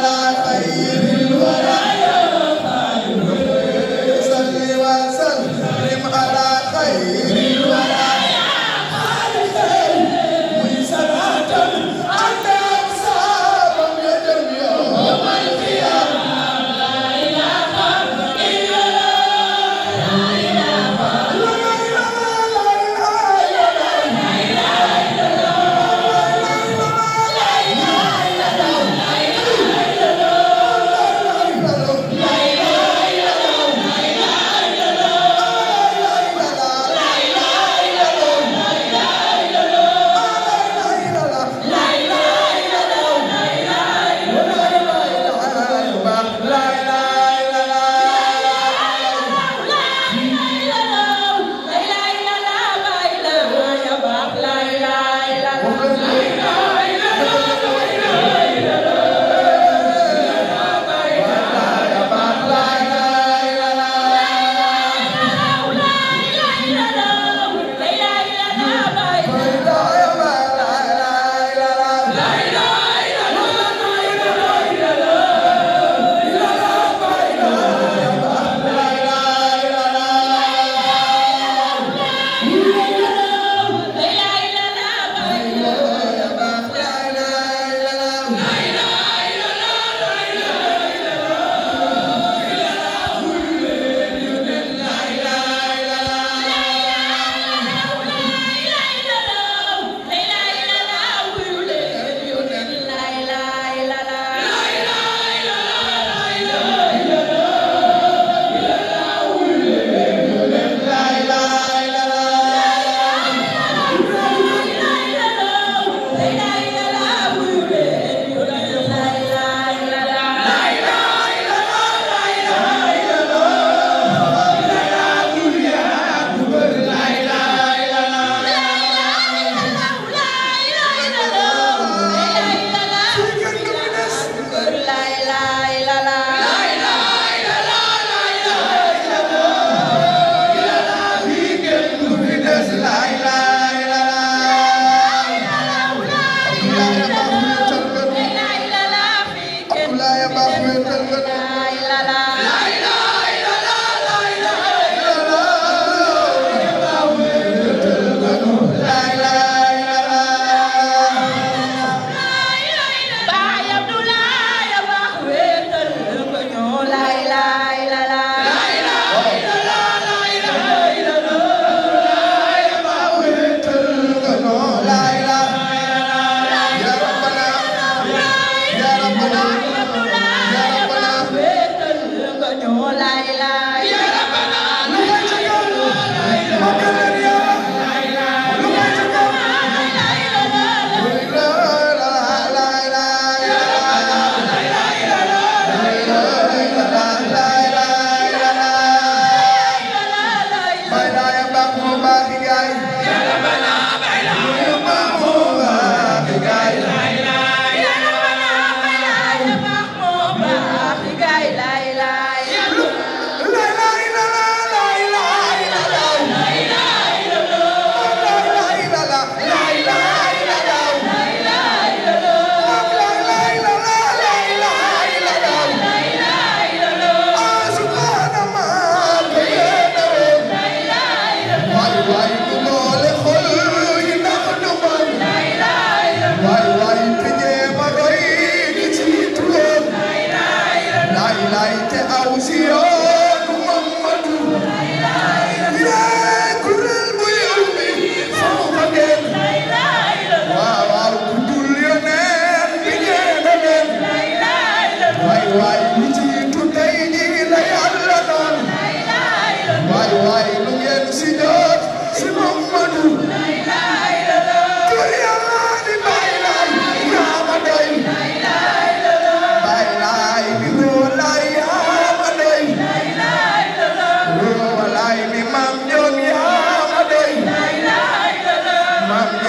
la la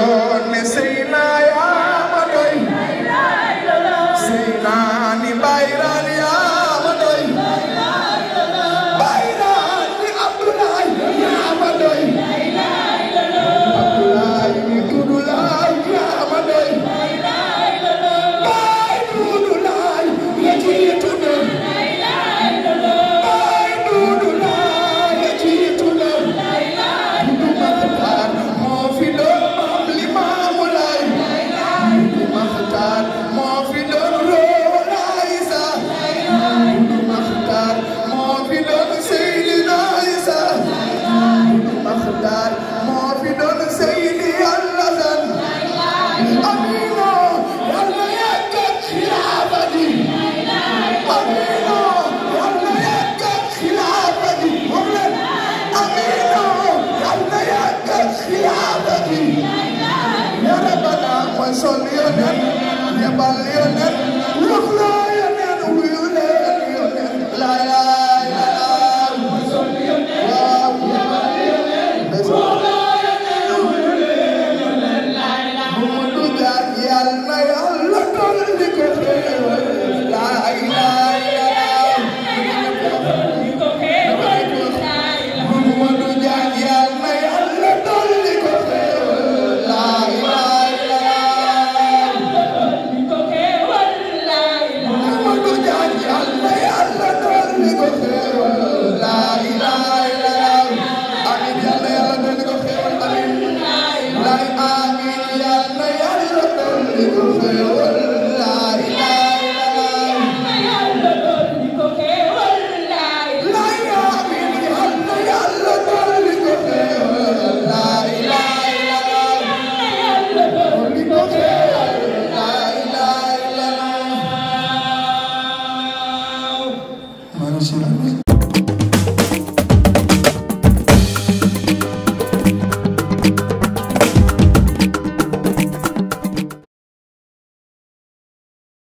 Yo Nelson Leonel, Yabal Leonel,